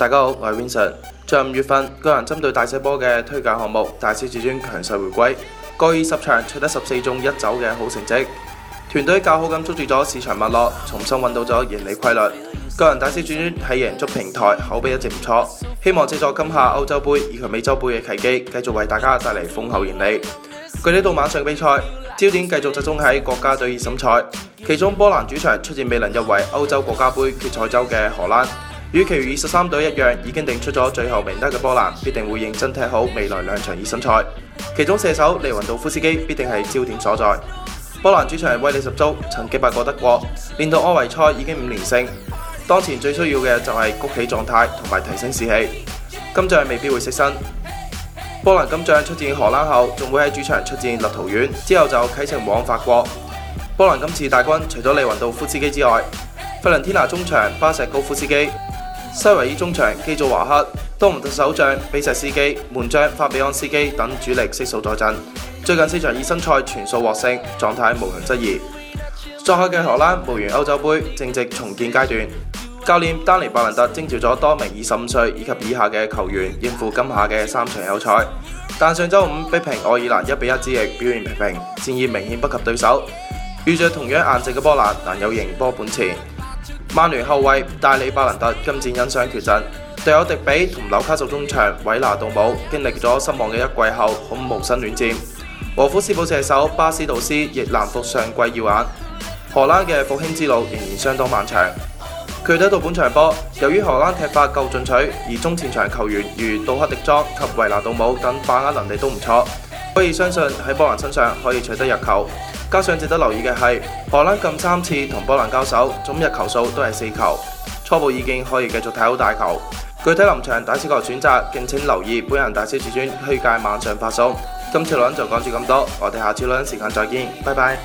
大家好，我係 Vincent。在五月份，個人針對大細波嘅推介項目大師至尊強勢回歸，過二十場取得十四中一走嘅好成績。團隊較好咁捉住咗市場脈絡，重新揾到咗盈利規律。個人大師至尊喺贏足平台口碑一直唔錯，希望借助今夏歐洲杯以及美洲杯嘅契機，繼續為大家帶嚟豐厚盈利。具體到晚上比賽，焦點繼續集中喺國家隊熱身賽，其中波蘭主場出戰未能入圍歐洲國家杯決賽周嘅荷蘭。與其餘二十三隊一樣，已經定出咗最後名單嘅波蘭必定會認真踢好未來兩場熱身賽，其中射手利雲道夫斯基必定係焦點所在。波蘭主場威力十足，曾擊敗過德國，連到安維賽已經五連勝，當前最需要嘅就係谷起狀態同埋提升士氣。金將未必會惜身，波蘭金將出戰荷蘭後，仲會喺主場出戰立陶宛，之後就啟程往法國。波蘭今次大軍除咗利雲道夫斯基之外，費倫天拿中場巴石高夫斯基。.西維爾中場基祖華克、多蒙特首將比薩斯基、門將法比安斯基等主力悉數在陣。最近四場以新賽全數獲勝，狀態無人質疑。作客嘅荷蘭無緣歐洲杯，正值重建階段。教練丹尼·伯倫特徵召咗多名二十五歲以及以下嘅球員應付今夏嘅三場友賽。但上周五逼平愛爾蘭一比一之役表現平平，戰意明顯不及對手。遇著同樣硬淨嘅波蘭，難有贏波本錢。曼聯後衛大理巴林特今戰因傷缺陣，隊友迪比同紐卡素中場維拿杜姆經歷咗失望嘅一季後，恐無心戀戰。和夫斯堡射手巴斯杜斯亦難復上季耀眼，荷蘭嘅復興之路仍然相當漫長。具體到本場波，由於荷蘭踢法夠進取，而中前場球員如杜克迪莊及維拿杜姆等把握能力都唔錯。可以相信喺波蘭身上可以取得入球，加上值得留意嘅係荷蘭近三次同波蘭交手總入球數都係四球，初步意見可以繼續睇好大球。具體臨場大小球選擇，敬請留意本人大小自尊推介晚上發送。今次輪就講住咁多，我哋下次輪時間再見，拜拜。